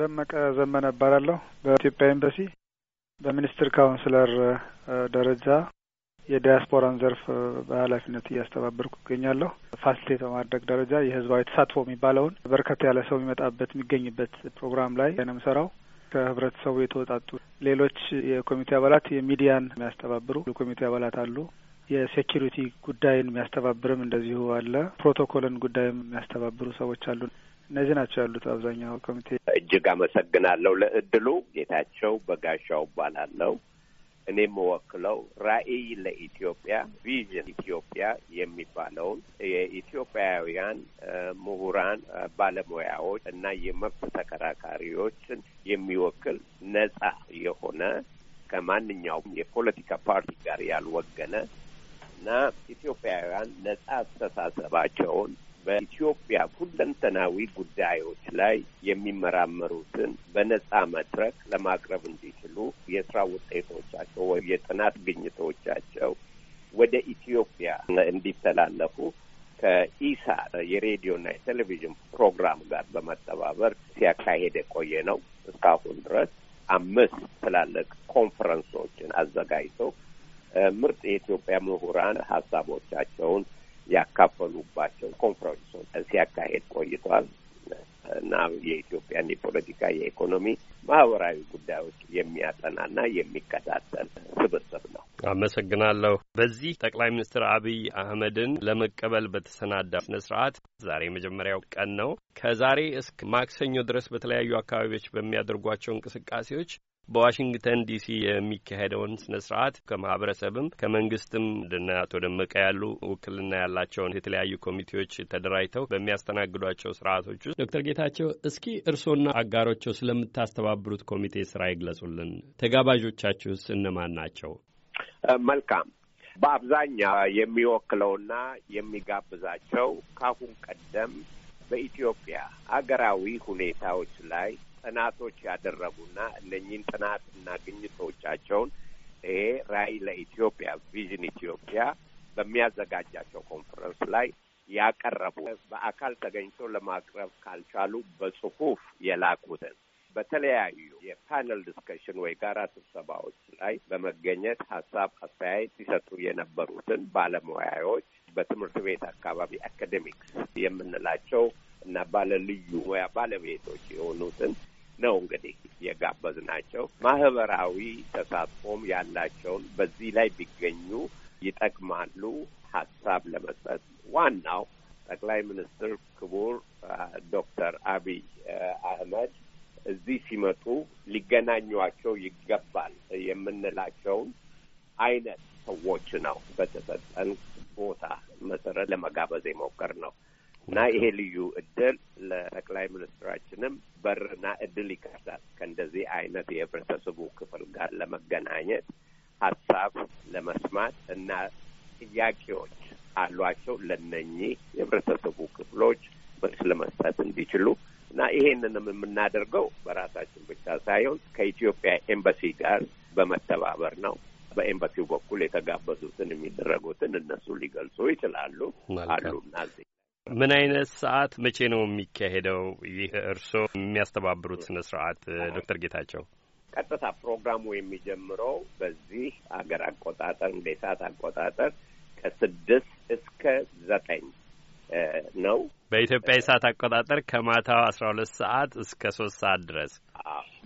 ደመቀ ዘመነ እባላለሁ። በኢትዮጵያ ኤምባሲ በሚኒስትር ካውንስለር ደረጃ የዲያስፖራን ዘርፍ በኃላፊነት እያስተባበርኩ ይገኛለሁ። ፋሲሊቴት በማድረግ ደረጃ የህዝባዊ ተሳትፎ የሚባለውን በርከት ያለ ሰው የሚመጣበት የሚገኝበት ፕሮግራም ላይ ነው የምሰራው። ከህብረተሰቡ የተወጣጡ ሌሎች የኮሚቴ አባላት የሚዲያን የሚያስተባብሩ የኮሚቴ አባላት አሉ። የሴኪሪቲ ጉዳይን የሚያስተባብርም እንደዚሁ አለ። ፕሮቶኮልን ጉዳይም የሚያስተባብሩ ሰዎች አሉ። እነዚህ ናቸው ያሉት አብዛኛው ኮሚቴ። እጅግ አመሰግናለሁ ለእድሉ። ጌታቸው በጋሻው እባላለሁ። እኔ የምወክለው ራዕይ ለኢትዮጵያ ቪዥን ኢትዮጵያ የሚባለውን የኢትዮጵያውያን ምሁራን፣ ባለሙያዎች እና የመብት ተከራካሪዎችን የሚወክል ነጻ የሆነ ከማንኛውም የፖለቲካ ፓርቲ ጋር ያልወገነ እና ኢትዮጵያውያን ነጻ አስተሳሰባቸውን በኢትዮጵያ ሁለንተናዊ ጉዳዮች ላይ የሚመራመሩትን በነጻ መድረክ ለማቅረብ እንዲችሉ የስራ ውጤቶቻቸው ወይም የጥናት ግኝቶቻቸው ወደ ኢትዮጵያ እንዲተላለፉ ከኢሳ የሬዲዮና የቴሌቪዥን ፕሮግራም ጋር በመተባበር ሲያካሄድ የቆየ ነው። እስካሁን ድረስ አምስት ትላልቅ ኮንፈረንሶችን አዘጋጅቶ ምርጥ የኢትዮጵያ ምሁራን ሀሳቦቻቸውን ያካፈሉባቸው ኮንፈረንሶች ሲያካሄድ ቆይቷል እና የኢትዮጵያን የፖለቲካ፣ የኢኮኖሚ፣ ማህበራዊ ጉዳዮች የሚያጠናና የሚከታተል ስብስብ ነው። አመሰግናለሁ። በዚህ ጠቅላይ ሚኒስትር አብይ አህመድን ለመቀበል በተሰናዳ ስነ ስርዓት ዛሬ የመጀመሪያው ቀን ነው። ከዛሬ እስከ ማክሰኞ ድረስ በተለያዩ አካባቢዎች በሚያደርጓቸው እንቅስቃሴዎች በዋሽንግተን ዲሲ የሚካሄደውን ስነ ስርዓት ከማህበረሰብም ከመንግስትም እንደነ አቶ ደመቀ ያሉ ውክልና ያላቸውን የተለያዩ ኮሚቴዎች ተደራጅተው በሚያስተናግዷቸው ስርዓቶች ውስጥ ዶክተር ጌታቸው እስኪ እርስዎና አጋሮቸው ስለምታስተባብሩት ኮሚቴ ስራ ይግለጹልን። ተጋባዦቻችሁስ እነማን ናቸው? መልካም። በአብዛኛው የሚወክለውና የሚጋብዛቸው ካሁን ቀደም በኢትዮጵያ አገራዊ ሁኔታዎች ላይ ጥናቶች ያደረጉና እነኚህን ጥናትና ግኝቶቻቸውን ይሄ ራዕይ ለኢትዮጵያ ቪዥን ኢትዮጵያ በሚያዘጋጃቸው ኮንፈረንስ ላይ ያቀረቡ በአካል ተገኝቶ ለማቅረብ ካልቻሉ በጽሁፍ የላኩትን በተለያዩ የፓነል ዲስከሽን ወይ ጋራ ስብሰባዎች ላይ በመገኘት ሀሳብ አስተያየት ሲሰጡ የነበሩትን ባለሙያዎች በትምህርት ቤት አካባቢ አካዴሚክስ የምንላቸው እና ባለልዩ ሙያ ባለቤቶች የሆኑትን ነው እንግዲህ የጋበዝ ናቸው ማህበራዊ ተሳትፎም ያላቸውን በዚህ ላይ ቢገኙ ይጠቅማሉ ሀሳብ ለመስጠት ዋናው ጠቅላይ ሚኒስትር ክቡር ዶክተር አብይ አህመድ እዚህ ሲመጡ ሊገናኟቸው ይገባል የምንላቸውን አይነት ሰዎች ነው በተሰጠን ቦታ መሰረት ለመጋበዝ የሞከር ነው። እና ይሄ ልዩ እድል ለጠቅላይ ሚኒስትራችንም በርና እድል ይከፍታል። ከእንደዚህ አይነት የህብረተሰቡ ክፍል ጋር ለመገናኘት ሀሳብ ለመስማት እና ጥያቄዎች አሏቸው ለነኚህ የህብረተሰቡ ክፍሎች መልስ ለመስጠት እንዲችሉ እና ይሄንንም የምናደርገው በራሳችን ብቻ ሳይሆን ከኢትዮጵያ ኤምባሲ ጋር በመተባበር ነው። በኤምባሲው በኩል የተጋበዙትን የሚደረጉትን እነሱ ሊገልጹ ይችላሉ አሉና ምን አይነት ሰዓት መቼ ነው የሚካሄደው? ይህ እርስዎ የሚያስተባብሩት ስነ ስርዓት ዶክተር ጌታቸው? ቀጥታ ፕሮግራሙ የሚጀምረው በዚህ አገር አቆጣጠር እንደ ሰዓት አቆጣጠር ከስድስት እስከ ዘጠኝ ነው። በኢትዮጵያ የሰዓት አቆጣጠር ከማታው አስራ ሁለት ሰዓት እስከ ሶስት ሰዓት ድረስ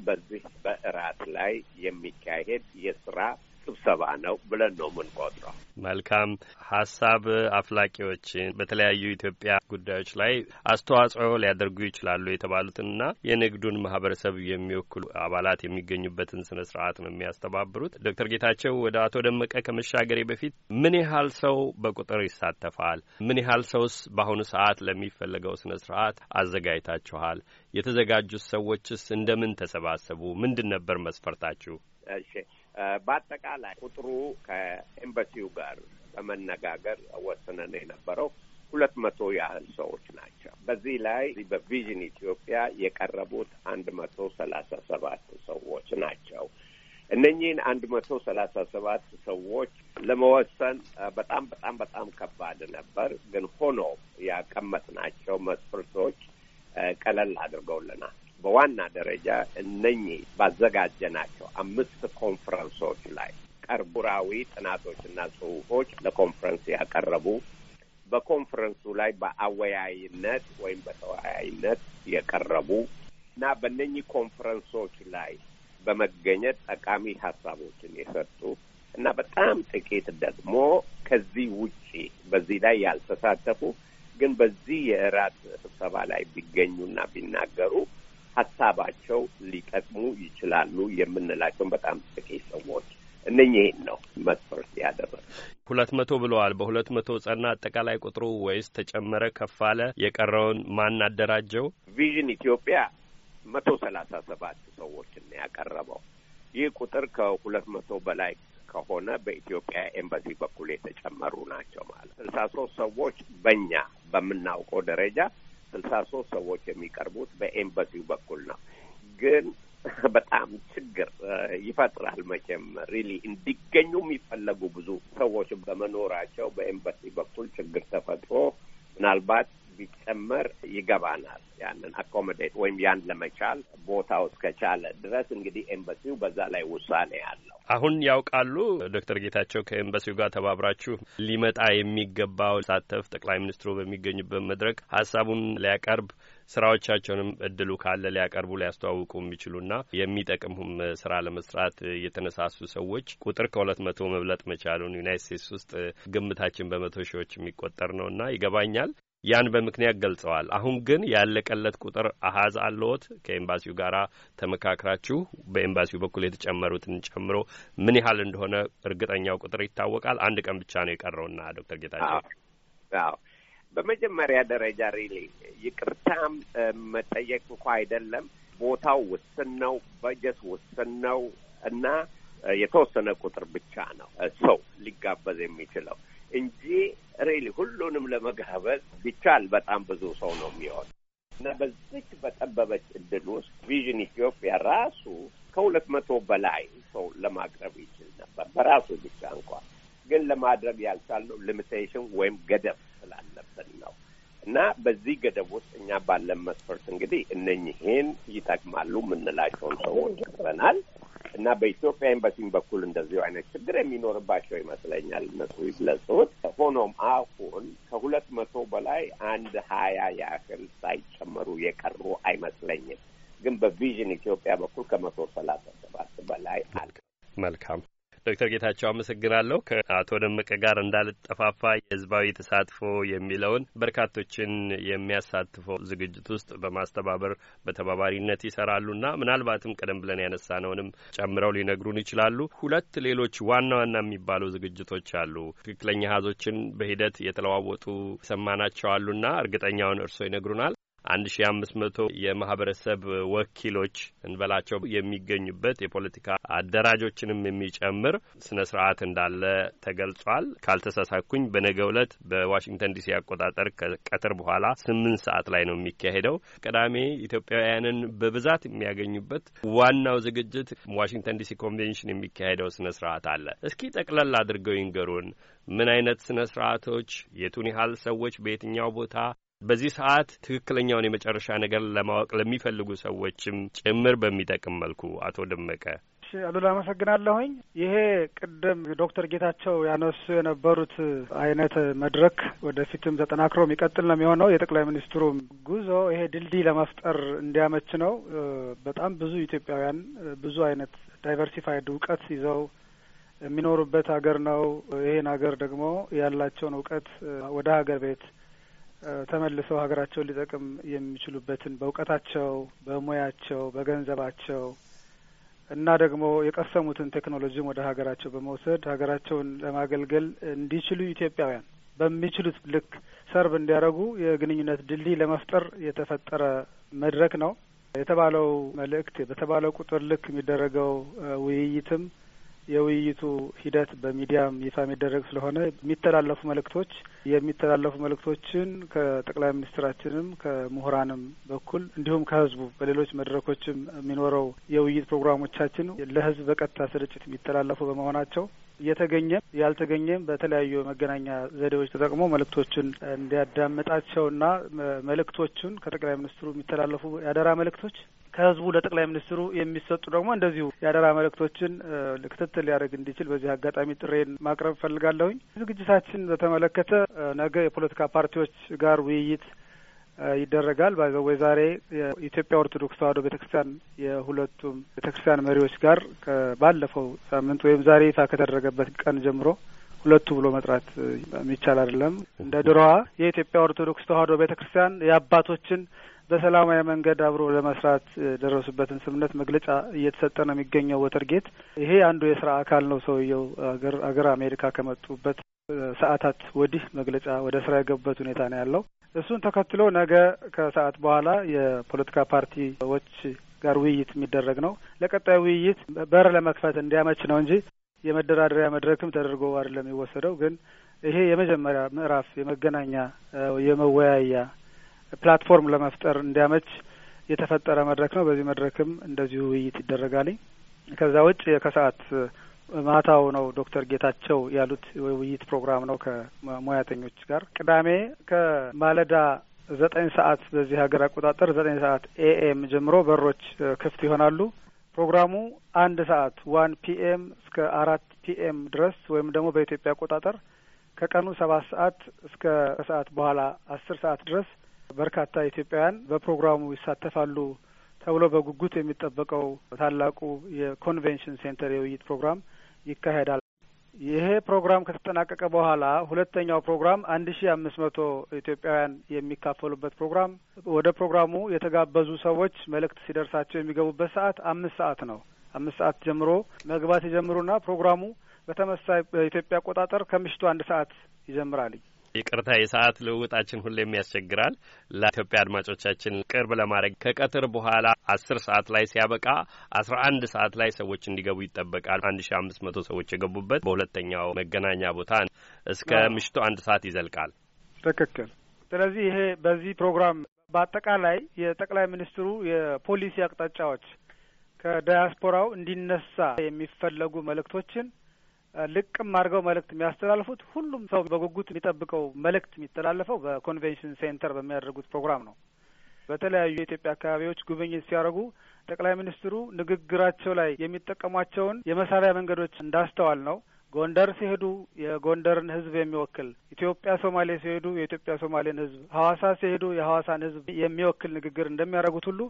በዚህ በእራት ላይ የሚካሄድ የስራ ስብሰባ ነው ብለን ነው የምንቆጥረው። መልካም ሀሳብ አፍላቂዎችን በተለያዩ ኢትዮጵያ ጉዳዮች ላይ አስተዋጽኦ ሊያደርጉ ይችላሉ የተባሉትንና የንግዱን ማህበረሰብ የሚወክሉ አባላት የሚገኙበትን ስነ ስርዓት ነው የሚያስተባብሩት። ዶክተር ጌታቸው ወደ አቶ ደመቀ ከመሻገሬ በፊት ምን ያህል ሰው በቁጥር ይሳተፋል? ምን ያህል ሰውስ በአሁኑ ሰዓት ለሚፈለገው ስነ ስርዓት አዘጋጅታችኋል? የተዘጋጁት ሰዎችስ እንደምን ተሰባሰቡ? ምንድን ነበር መስፈርታችሁ? እሺ በአጠቃላይ ቁጥሩ ከኤምባሲው ጋር በመነጋገር ወስነን የነበረው ሁለት መቶ ያህል ሰዎች ናቸው። በዚህ ላይ በቪዥን ኢትዮጵያ የቀረቡት አንድ መቶ ሰላሳ ሰባት ሰዎች ናቸው። እነኚህን አንድ መቶ ሰላሳ ሰባት ሰዎች ለመወሰን በጣም በጣም በጣም ከባድ ነበር። ግን ሆኖ ያቀመጥናቸው መስፈርቶች ቀለል አድርገውልናል። በዋና ደረጃ እነኚህ ባዘጋጀናቸው አምስት ኮንፈረንሶች ላይ ቀርቡራዊ ጥናቶችና ጽሁፎች ለኮንፈረንስ ያቀረቡ በኮንፈረንሱ ላይ በአወያይነት ወይም በተወያይነት የቀረቡ እና በእነኚህ ኮንፈረንሶች ላይ በመገኘት ጠቃሚ ሀሳቦችን የሰጡ እና በጣም ጥቂት ደግሞ ከዚህ ውጪ በዚህ ላይ ያልተሳተፉ ግን በዚህ የእራት ስብሰባ ላይ ቢገኙና ቢናገሩ ሀሳባቸው ሊጠቅሙ ይችላሉ የምንላቸውን በጣም ጥቂት ሰዎች እነኚህ ነው መስፈርት ያደረገ ሁለት መቶ ብለዋል። በሁለት መቶ ጸና አጠቃላይ ቁጥሩ ወይስ ተጨመረ ከፍ አለ? የቀረውን ማን አደራጀው? ቪዥን ኢትዮጵያ መቶ ሰላሳ ሰባት ሰዎችን ያቀረበው። ይህ ቁጥር ከሁለት መቶ በላይ ከሆነ በኢትዮጵያ ኤምባሲ በኩል የተጨመሩ ናቸው ማለት ስልሳ ሶስት ሰዎች በእኛ በምናውቀው ደረጃ ስልሳ ሶስት ሰዎች የሚቀርቡት በኤምባሲው በኩል ነው። ግን በጣም ችግር ይፈጥራል መቼም ሪሊ እንዲገኙ የሚፈለጉ ብዙ ሰዎች በመኖራቸው በኤምባሲ በኩል ችግር ተፈጥሮ ምናልባት ቢጨመር ይገባናል። ያንን አኮሞዴት ወይም ያን ለመቻል ቦታው እስከቻለ ድረስ እንግዲህ ኤምባሲው በዛ ላይ ውሳኔ ያለው አሁን ያውቃሉ። ዶክተር ጌታቸው ከኤምባሲው ጋር ተባብራችሁ ሊመጣ የሚገባው ሳተፍ ጠቅላይ ሚኒስትሩ በሚገኙበት መድረክ ሀሳቡን ሊያቀርብ ስራዎቻቸውንም እድሉ ካለ ሊያቀርቡ ሊያስተዋውቁ የሚችሉና የሚጠቅሙም ስራ ለመስራት የተነሳሱ ሰዎች ቁጥር ከሁለት መቶ መብለጥ መቻሉን ዩናይት ስቴትስ ውስጥ ግምታችን በመቶ ሺዎች የሚቆጠር ነውና ይገባኛል። ያን በምክንያት ገልጸዋል። አሁን ግን ያለቀለት ቁጥር አሀዝ አለዎት? ከኤምባሲው ጋር ተመካክራችሁ በኤምባሲው በኩል የተጨመሩትን ጨምሮ ምን ያህል እንደሆነ እርግጠኛው ቁጥር ይታወቃል? አንድ ቀን ብቻ ነው የቀረውና ዶክተር ጌታቸው በመጀመሪያ ደረጃ ሪሊ ይቅርታም መጠየቅ እንኳ አይደለም። ቦታው ውስን ነው፣ በጀት ውስን ነው እና የተወሰነ ቁጥር ብቻ ነው ሰው ሊጋበዝ የሚችለው። እንጂ ሬሊ ሁሉንም ለመጋበዝ ቢቻል በጣም ብዙ ሰው ነው የሚሆን እና በዚች በጠበበች እድል ውስጥ ቪዥን ኢትዮጵያ ራሱ ከሁለት መቶ በላይ ሰው ለማቅረብ ይችል ነበር በራሱ ብቻ እንኳን ግን ለማድረግ ያልቻልነው ሊሚቴሽን ወይም ገደብ ስላለብን ነው እና በዚህ ገደብ ውስጥ እኛ ባለን መስፈርት እንግዲህ እነኝህን ይጠቅማሉ የምንላቸውን ሰዎች ቀርበናል። እና በኢትዮጵያ ኤምባሲም በኩል እንደዚሁ አይነት ችግር የሚኖርባቸው ይመስለኛል እነሱ ይግለጹት። ሆኖም አሁን ከሁለት መቶ በላይ አንድ ሀያ ያህል ሳይጨመሩ የቀሩ አይመስለኝም። ግን በቪዥን ኢትዮጵያ በኩል ከመቶ ሰላሳ ሰባት በላይ አለ። መልካም ዶክተር ጌታቸው አመሰግናለሁ። ከአቶ ደመቀ ጋር እንዳልጠፋፋ የህዝባዊ ተሳትፎ የሚለውን በርካቶችን የሚያሳትፈው ዝግጅት ውስጥ በማስተባበር በተባባሪነት ይሰራሉና ምናልባትም ቀደም ብለን ያነሳነውንም ጨምረው ሊነግሩን ይችላሉ። ሁለት ሌሎች ዋና ዋና የሚባሉ ዝግጅቶች አሉ። ትክክለኛ ሀዞችን በሂደት የተለዋወጡ ሰማናቸው አሉና እርግጠኛውን እርስዎ ይነግሩናል። አንድ ሺ አምስት መቶ የማህበረሰብ ወኪሎች እንበላቸው የሚገኙበት የፖለቲካ አደራጆችንም የሚጨምር ስነ ስርዓት እንዳለ ተገልጿል። ካልተሳሳኩኝ በነገ ዕለት በዋሽንግተን ዲሲ አቆጣጠር ከቀትር በኋላ ስምንት ሰዓት ላይ ነው የሚካሄደው። ቅዳሜ ኢትዮጵያውያንን በብዛት የሚያገኙበት ዋናው ዝግጅት ዋሽንግተን ዲሲ ኮንቬንሽን የሚካሄደው ስነ ስርዓት አለ። እስኪ ጠቅለል አድርገው ይንገሩን። ምን አይነት ስነ ስርዓቶች፣ የቱን ያህል ሰዎች በየትኛው ቦታ በዚህ ሰዓት ትክክለኛውን የመጨረሻ ነገር ለማወቅ ለሚፈልጉ ሰዎችም ጭምር በሚጠቅም መልኩ አቶ ደመቀ አሉላ አመሰግናለሁኝ። ይሄ ቅድም ዶክተር ጌታቸው ያነሱ የነበሩት አይነት መድረክ ወደፊትም ተጠናክሮ የሚቀጥል ነው የሚሆነው። የጠቅላይ ሚኒስትሩ ጉዞ ይሄ ድልድይ ለመፍጠር እንዲያመች ነው። በጣም ብዙ ኢትዮጵያውያን ብዙ አይነት ዳይቨርሲፋይድ እውቀት ይዘው የሚኖሩበት ሀገር ነው። ይሄን ሀገር ደግሞ ያላቸውን እውቀት ወደ ሀገር ቤት ተመልሰው ሀገራቸውን ሊጠቅም የሚችሉበትን በእውቀታቸው፣ በሙያቸው፣ በገንዘባቸው እና ደግሞ የቀሰሙትን ቴክኖሎጂም ወደ ሀገራቸው በመውሰድ ሀገራቸውን ለማገልገል እንዲችሉ ኢትዮጵያውያን በሚችሉት ልክ ሰርብ እንዲያደርጉ የግንኙነት ድልድይ ለመፍጠር የተፈጠረ መድረክ ነው። የተባለው መልእክት በተባለው ቁጥር ልክ የሚደረገው ውይይትም የውይይቱ ሂደት በሚዲያም ይፋ የሚደረግ ስለሆነ የሚተላለፉ መልእክቶች የሚተላለፉ መልእክቶችን ከጠቅላይ ሚኒስትራችንም ከምሁራንም በኩል እንዲሁም ከህዝቡ በሌሎች መድረኮችም የሚኖረው የውይይት ፕሮግራሞቻችን ለህዝብ በቀጥታ ስርጭት የሚተላለፉ በመሆናቸው እየተገኘም ያልተገኘም በተለያዩ መገናኛ ዘዴዎች ተጠቅሞ መልእክቶቹን እንዲያዳምጣቸውና መልእክቶቹን ከጠቅላይ ሚኒስትሩ የሚተላለፉ ያደራ መልእክቶች ከህዝቡ ለጠቅላይ ሚኒስትሩ የሚሰጡ ደግሞ እንደዚሁ የአደራ መልእክቶችን ክትትል ሊያደርግ እንዲችል በዚህ አጋጣሚ ጥሬን ማቅረብ ፈልጋለሁኝ። ዝግጅታችን በተመለከተ ነገ የፖለቲካ ፓርቲዎች ጋር ውይይት ይደረጋል። ባይዘወይ ዛሬ የኢትዮጵያ ኦርቶዶክስ ተዋሕዶ ቤተ ክርስቲያን የሁለቱም ቤተ ክርስቲያን መሪዎች ጋር ባለፈው ሳምንት ወይም ዛሬ ይፋ ከተደረገበት ቀን ጀምሮ ሁለቱ ብሎ መጥራት የሚቻል አይደለም። እንደ ድሮዋ የኢትዮጵያ ኦርቶዶክስ ተዋሕዶ ቤተ ክርስቲያን የአባቶችን በሰላማዊ መንገድ አብሮ ለመስራት የደረሱበትን ስምምነት መግለጫ እየተሰጠ ነው የሚገኘው። ወተርጌት ይሄ አንዱ የስራ አካል ነው። ሰውየው አገር አገር አሜሪካ ከመጡበት ሰዓታት ወዲህ መግለጫ ወደ ስራ የገቡበት ሁኔታ ነው ያለው። እሱን ተከትሎ ነገ ከሰዓት በኋላ የፖለቲካ ፓርቲዎች ጋር ውይይት የሚደረግ ነው። ለቀጣዩ ውይይት በር ለመክፈት እንዲያመች ነው እንጂ የመደራደሪያ መድረክም ተደርጎ አይደለም የሚወሰደው። ግን ይሄ የመጀመሪያ ምዕራፍ የመገናኛ የመወያያ ፕላትፎርም ለመፍጠር እንዲያመች የተፈጠረ መድረክ ነው። በዚህ መድረክም እንደዚሁ ውይይት ይደረጋል። ከዛ ውጭ ከሰዓት ማታው ነው ዶክተር ጌታቸው ያሉት የውይይት ፕሮግራም ነው ከሙያተኞች ጋር ቅዳሜ ከማለዳ ዘጠኝ ሰዓት በዚህ ሀገር አቆጣጠር ዘጠኝ ሰዓት ኤኤም ጀምሮ በሮች ክፍት ይሆናሉ። ፕሮግራሙ አንድ ሰዓት ዋን ፒኤም እስከ አራት ፒኤም ድረስ ወይም ደግሞ በኢትዮጵያ አቆጣጠር ከቀኑ ሰባት ሰዓት እስከ ሰዓት በኋላ አስር ሰዓት ድረስ በርካታ ኢትዮጵያውያን በፕሮግራሙ ይሳተፋሉ ተብሎ በጉጉት የሚጠበቀው ታላቁ የኮንቬንሽን ሴንተር የውይይት ፕሮግራም ይካሄዳል። ይሄ ፕሮግራም ከተጠናቀቀ በኋላ ሁለተኛው ፕሮግራም አንድ ሺ አምስት መቶ ኢትዮጵያውያን የሚካፈሉበት ፕሮግራም ወደ ፕሮግራሙ የተጋበዙ ሰዎች መልእክት ሲደርሳቸው የሚገቡበት ሰዓት አምስት ሰዓት ነው። አምስት ሰዓት ጀምሮ መግባት ይጀምሩና ፕሮግራሙ በተመሳሳይ በኢትዮጵያ አቆጣጠር ከምሽቱ አንድ ሰዓት ይጀምራል። ይቅርታ የሰዓት ልውውጣችን ሁሌም ያስቸግራል። ለኢትዮጵያ አድማጮቻችን ቅርብ ለማድረግ ከቀትር በኋላ አስር ሰዓት ላይ ሲያበቃ አስራ አንድ ሰዓት ላይ ሰዎች እንዲገቡ ይጠበቃል። አንድ ሺ አምስት መቶ ሰዎች የገቡበት በሁለተኛው መገናኛ ቦታ እስከ ምሽቱ አንድ ሰዓት ይዘልቃል። ትክክል። ስለዚህ ይሄ በዚህ ፕሮግራም በአጠቃላይ የጠቅላይ ሚኒስትሩ የፖሊሲ አቅጣጫዎች ከዳያስፖራው እንዲነሳ የሚፈለጉ መልእክቶችን ልቅም አድርገው መልእክት የሚያስተላልፉት ሁሉም ሰው በጉጉት የሚጠብቀው መልእክት የሚተላለፈው በኮንቬንሽን ሴንተር በሚያደርጉት ፕሮግራም ነው። በተለያዩ የኢትዮጵያ አካባቢዎች ጉብኝት ሲያደርጉ ጠቅላይ ሚኒስትሩ ንግግራቸው ላይ የሚጠቀሟቸውን የመሳቢያ መንገዶች እንዳስተዋል ነው። ጎንደር ሲሄዱ የጎንደርን ሕዝብ የሚወክል፣ ኢትዮጵያ ሶማሌ ሲሄዱ የኢትዮጵያ ሶማሌን ሕዝብ፣ ሀዋሳ ሲሄዱ የሀዋሳን ሕዝብ የሚወክል ንግግር እንደሚያደርጉት ሁሉ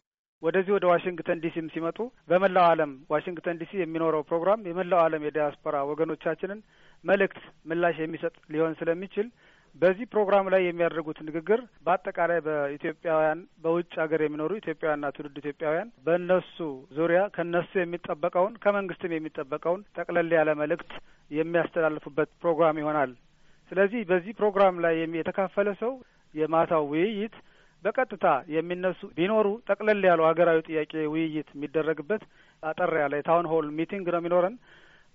ወደዚህ ወደ ዋሽንግተን ዲሲም ሲመጡ በመላው ዓለም ዋሽንግተን ዲሲ የሚኖረው ፕሮግራም የመላው ዓለም የዲያስፖራ ወገኖቻችንን መልእክት ምላሽ የሚሰጥ ሊሆን ስለሚችል በዚህ ፕሮግራም ላይ የሚያደርጉት ንግግር በአጠቃላይ በኢትዮጵያውያን በውጭ ሀገር የሚኖሩ ኢትዮጵያውያንና ትውልድ ኢትዮጵያውያን በእነሱ ዙሪያ ከእነሱ የሚጠበቀውን ከመንግስትም የሚጠበቀውን ጠቅለል ያለ መልእክት የሚያስተላልፉበት ፕሮግራም ይሆናል። ስለዚህ በዚህ ፕሮግራም ላይ የተካፈለ ሰው የማታው ውይይት በቀጥታ የሚነሱ ቢኖሩ ጠቅለል ያለው ሀገራዊ ጥያቄ ውይይት የሚደረግበት አጠር ያለ የታውን ሆል ሚቲንግ ነው የሚኖረን።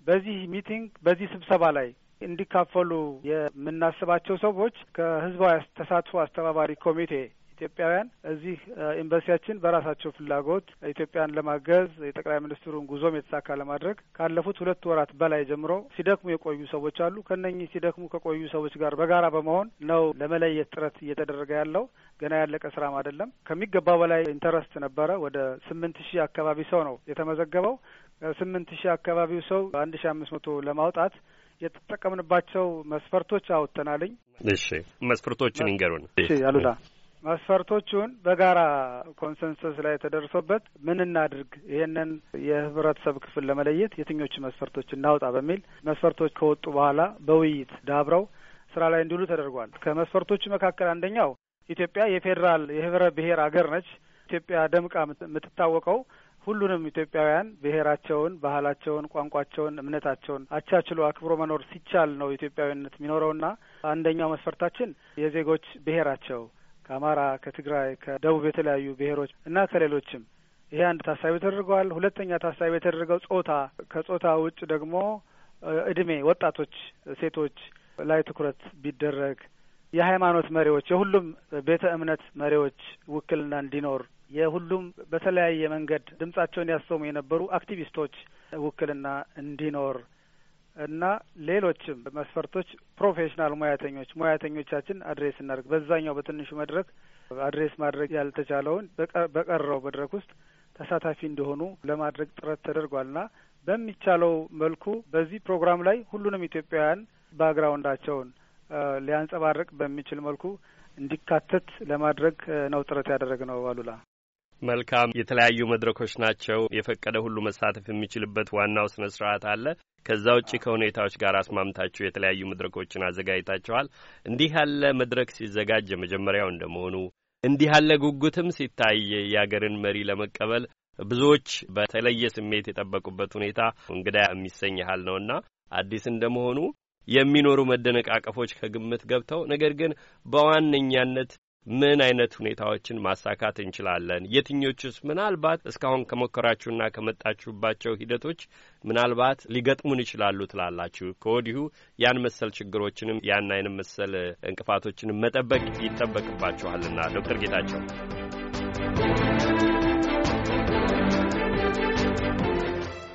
በዚህ ሚቲንግ በዚህ ስብሰባ ላይ እንዲካፈሉ የምናስባቸው ሰዎች ከህዝባዊ ተሳትፎ አስተባባሪ ኮሚቴ ኢትዮጵያውያን እዚህ ኤምባሲያችን በራሳቸው ፍላጎት ኢትዮጵያን ለማገዝ የጠቅላይ ሚኒስትሩን ጉዞም የተሳካ ለማድረግ ካለፉት ሁለት ወራት በላይ ጀምሮ ሲደክሙ የቆዩ ሰዎች አሉ። ከነኚህ ሲደክሙ ከቆዩ ሰዎች ጋር በጋራ በመሆን ነው ለመለየት ጥረት እየተደረገ ያለው። ገና ያለቀ ስራም አይደለም። ከሚገባው በላይ ኢንተረስት ነበረ። ወደ ስምንት ሺህ አካባቢ ሰው ነው የተመዘገበው። ስምንት ሺህ አካባቢው ሰው አንድ ሺ አምስት መቶ ለማውጣት የተጠቀምንባቸው መስፈርቶች አውጥተናልኝ። እሺ መስፈርቶችን ይንገሩን። እሺ አሉላ መስፈርቶቹን በጋራ ኮንሰንሰስ ላይ ተደርሶበት ምን እናድርግ ይህንን የህብረተሰብ ክፍል ለመለየት የትኞቹ መስፈርቶች እናውጣ በሚል መስፈርቶች ከወጡ በኋላ በውይይት ዳብረው ስራ ላይ እንዲውሉ ተደርጓል። ከመስፈርቶቹ መካከል አንደኛው ኢትዮጵያ የፌዴራል የህብረ ብሔር አገር ነች። ኢትዮጵያ ደምቃ የምትታወቀው ሁሉንም ኢትዮጵያውያን ብሔራቸውን፣ ባህላቸውን፣ ቋንቋቸውን፣ እምነታቸውን አቻችሎ አክብሮ መኖር ሲቻል ነው ኢትዮጵያዊነት የሚኖረውና አንደኛው መስፈርታችን የዜጎች ብሔራቸው ከአማራ፣ ከትግራይ፣ ከደቡብ የተለያዩ ብሔሮች እና ከሌሎችም ይሄ አንድ ታሳቢ ተደርገዋል። ሁለተኛ ታሳቢ የተደረገው ጾታ፣ ከጾታ ውጭ ደግሞ እድሜ፣ ወጣቶች፣ ሴቶች ላይ ትኩረት ቢደረግ የሃይማኖት መሪዎች፣ የሁሉም ቤተ እምነት መሪዎች ውክልና እንዲኖር የሁሉም በተለያየ መንገድ ድምጻቸውን ያሰሙ የነበሩ አክቲቪስቶች ውክልና እንዲኖር እና ሌሎችም መስፈርቶች ፕሮፌሽናል ሙያተኞች ሙያተኞቻችን አድሬስ እናደርግ በዛኛው በትንሹ መድረክ አድሬስ ማድረግ ያልተቻለውን በቀረው መድረክ ውስጥ ተሳታፊ እንዲሆኑ ለማድረግ ጥረት ተደርጓልና በሚቻለው መልኩ በዚህ ፕሮግራም ላይ ሁሉንም ኢትዮጵያውያን ባግራውንዳቸውን ሊያንጸባርቅ በሚችል መልኩ እንዲካተት ለማድረግ ነው ጥረት ያደረግ ነው አሉላ መልካም የተለያዩ መድረኮች ናቸው። የፈቀደ ሁሉ መሳተፍ የሚችልበት ዋናው ስነ ስርዓት አለ። ከዛ ውጭ ከሁኔታዎች ጋር አስማምታችሁ የተለያዩ መድረኮችን አዘጋጅታችኋል። እንዲህ ያለ መድረክ ሲዘጋጅ መጀመሪያው እንደመሆኑ እንዲህ ያለ ጉጉትም ሲታይ የአገርን መሪ ለመቀበል ብዙዎች በተለየ ስሜት የጠበቁበት ሁኔታ እንግዳ የሚሰኝ ያህል ነውና አዲስ እንደመሆኑ የሚኖሩ መደነቃቀፎች ከግምት ገብተው ነገር ግን በዋነኛነት ምን አይነት ሁኔታዎችን ማሳካት እንችላለን? የትኞቹስ ምናልባት እስካሁን ከሞከራችሁና ከመጣችሁባቸው ሂደቶች ምናልባት ሊገጥሙን ይችላሉ ትላላችሁ? ከወዲሁ ያን መሰል ችግሮችንም ያን አይነት መሰል እንቅፋቶችንም መጠበቅ ይጠበቅባችኋልና ዶክተር ጌታቸው